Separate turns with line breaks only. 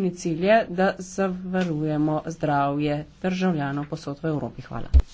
skupni cilj je, da zavarujemo zdravje državljanov posod v Evropi. Hvala.